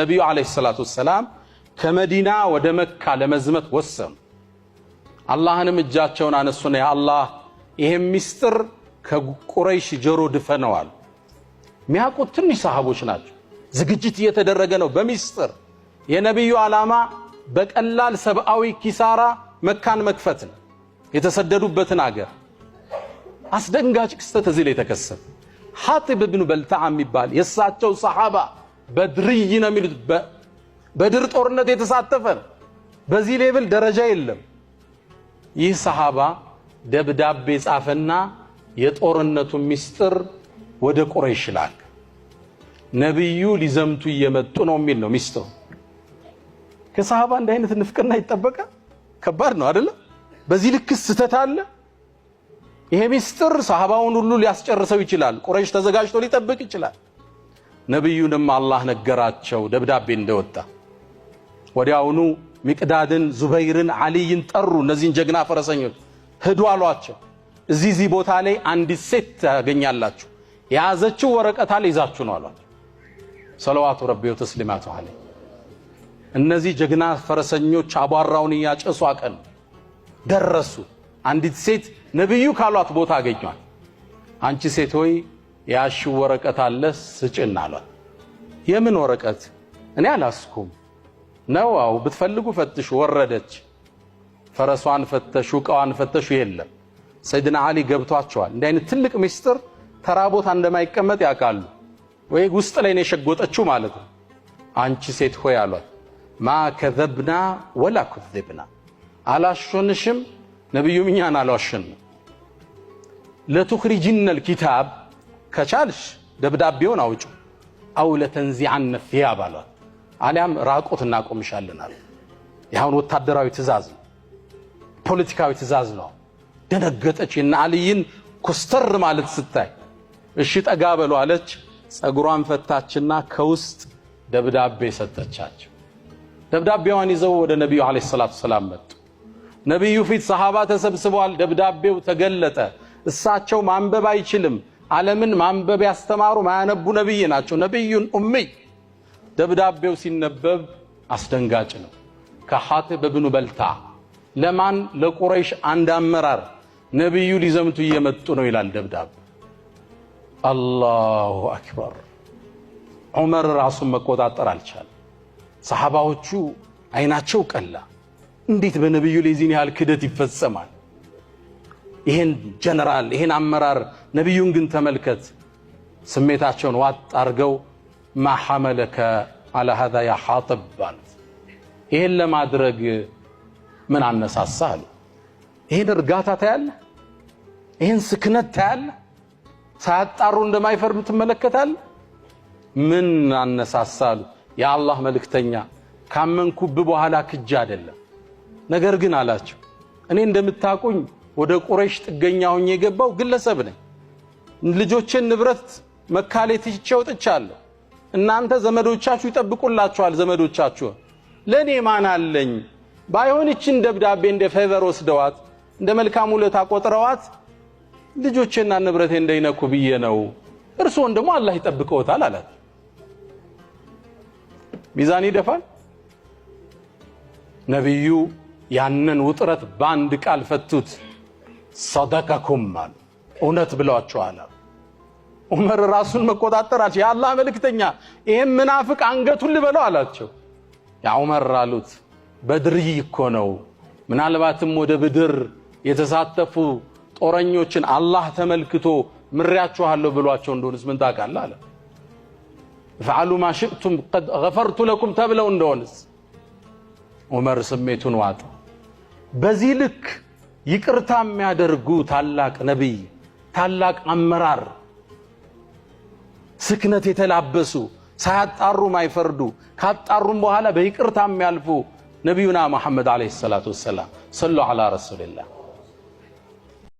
ነቢዩ ዓለይሂ ሰላቱ ወሰላም ከመዲና ወደ መካ ለመዝመት ወሰኑ። አላህንም እጃቸውን አነሱና ያ ይሄም ሚስጥር ከቁረይሽ ጆሮ ድፈነዋል። ሚያውቁት ትንሽ ሰሃቦች ናቸው። ዝግጅት እየተደረገ ነው በሚስጥር። የነቢዩ ዓላማ በቀላል ሰብአዊ ኪሳራ መካን መክፈት ነው፣ የተሰደዱበትን አገር። አስደንጋጭ ክስተት እዚህ ላይ ተከሰተ። ሐጢብ ብኑ በልታዓ የሚባል የእሳቸው ሰሓባ በድርይ ነው የሚሉት። በድር ጦርነት የተሳተፈ ነው። በዚህ ሌብል ደረጃ የለም። ይህ ሰሃባ ደብዳቤ ጻፈና የጦርነቱ ሚስጥር ወደ ቁረይሽ ላክ። ነቢዩ ሊዘምቱ እየመጡ ነው የሚል ነው ሚስጥሩ። ከሰሃባ እንዲህ አይነት ንፍቅና ይጠበቃል? ከባድ ነው አይደለም? በዚህ ልክ ስህተት አለ። ይሄ ሚስጥር ሰሃባውን ሁሉ ሊያስጨርሰው ይችላል። ቁረይሽ ተዘጋጅቶ ሊጠብቅ ይችላል። ነቢዩንም አላህ ነገራቸው ደብዳቤ እንደወጣ። ወዲያውኑ ሚቅዳድን፣ ዙበይርን፣ ዓሊይን ጠሩ። እነዚህን ጀግና ፈረሰኞች ሂዱ አሏቸው። እዚህ እዚህ ቦታ ላይ አንዲት ሴት ታገኛላችሁ፣ የያዘችው ወረቀት አለ ይዛችሁ ነው አሏቸው። ሰለዋቱ ረቢ ወተስሊማቱ አለይ። እነዚህ ጀግና ፈረሰኞች አቧራውን እያጨሱ አቀኑ። ደረሱ። አንዲት ሴት ነቢዩ ካሏት ቦታ አገኟል። አንቺ ሴት ሆይ ያሽ ወረቀት አለ ስጭን አሏት። የምን ወረቀት እኔ አላስኩም ነው? አው ብትፈልጉ ፈትሹ። ወረደች። ፈረሷን ፈተሹ፣ እቃዋን ፈተሹ። የለም ሰይድና አሊ ገብቷቸዋል። እንዲህ አይነት ትልቅ ምስጢር ተራ ቦታ እንደማይቀመጥ ያውቃሉ። ወይ ውስጥ ላይ ነው የሸጎጠችው ማለት ነው። አንቺ ሴት ሆይ አሏት፣ ማ ከዘብና ወላ ኩዝብና፣ አላሾንሽም፣ ነቢዩም እኛን አልዋሸንም። ለቱኽሪጅነል ኪታብ ከቻልሽ ደብዳቤውን አውጩ አው ለተንዚዓነ ቲያብ አሏት። አሊያም ራቁት እናቆምሻለን አሉ። ይኸውን ወታደራዊ ትእዛዝ ነው፣ ፖለቲካዊ ትእዛዝ ነው። ደነገጠች። እና አልይን ኮስተር ማለት ስታይ እሺ ጠጋ በሉ አለች። ፀጉሯን ፈታችና ከውስጥ ደብዳቤ ሰጠቻቸው። ደብዳቤዋን ይዘው ወደ ነቢዩ ዓለይሂ ሰላቱ ሰላም መጡ። ነቢዩ ፊት ሰሃባ ተሰብስበዋል። ደብዳቤው ተገለጠ። እሳቸው ማንበብ አይችልም ዓለምን ማንበብ ያስተማሩ ማያነቡ ነቢይ ናቸው። ነቢዩን ኡምይ ደብዳቤው ሲነበብ አስደንጋጭ ነው። ከሓቲብ ብኑ በልታ ለማን? ለቁረይሽ አንድ አመራር ነቢዩ ሊዘምቱ እየመጡ ነው ይላል ደብዳቤ። አላሁ አክበር። ዑመር ራሱን መቆጣጠር አልቻለም። ሰሓባዎቹ አይናቸው ቀላ። እንዴት በነቢዩ ላይ ዚህን ያህል ክደት ይፈጸማል? ይሄን ጀነራል ይሄን አመራር ነቢዩን ግን ተመልከት። ስሜታቸውን ዋጥ አድርገው ማሐመለከ አላ ሀዛ ያ ሓጥብ አሉት። ይሄን ለማድረግ ምን አነሳሳ አሉ። ይሄን እርጋታ ታያለህ፣ ይሄን ስክነት ታያለህ፣ ሳያጣሩ እንደማይፈርዱ ትመለከታል? ምን አነሳሳ አሉ። የአላህ መልእክተኛ ካመንኩብ በኋላ ክጅ አይደለም ነገር ግን አላቸው እኔ እንደምታቁኝ ወደ ቁረሽ ጥገኛ ሆኜ የገባው ግለሰብ ነኝ። ልጆችን ንብረት መካሌት ይቸውጥቻለሁ። እናንተ ዘመዶቻችሁ ይጠብቁላችኋል። ዘመዶቻችሁ ለኔ ማን አለኝ? ባይሆን እችን ደብዳቤ እንደ ፌቨር ወስደዋት እንደ መልካም ውለታ ቆጥረዋት ልጆቼና ንብረቴ እንዳይነኩ ብዬ ነው። እርስዎን ደግሞ አላህ ይጠብቀውታል አላት። ሚዛን ይደፋል። ነቢዩ ያንን ውጥረት በአንድ ቃል ፈቱት። ሰደቀኩም አሉ። እውነት ብለዋችኋል። ዑመር ራሱን መቆጣጠር አልቻለም። የአላህ መልእክተኛ ይህም ምናፍቅ አንገቱን ልበለው አላቸው። ያ ዑመር አሉት በድርይ እኮ ነው። ምናልባትም ወደ ብድር የተሳተፉ ጦረኞችን አላህ ተመልክቶ ምሬያችኋለሁ ብሏቸው እንደሆንስ ምን ታውቃለህ አለ። ፈዓሉ ማ ሽእቱም ቀድ ገፈርቱ ለኩም ተብለው እንደሆንስ ዑመር ስሜቱን ዋጠ በዚህ ልክ ይቅርታ የሚያደርጉ ታላቅ ነቢይ፣ ታላቅ አመራር፣ ስክነት የተላበሱ ሳያጣሩ ማይፈርዱ ካጣሩም በኋላ በይቅርታ የሚያልፉ ነቢዩና መሐመድ ዓለይሂ ሰላቱ ወሰላም ሰሉ ዐላ ረሱልላህ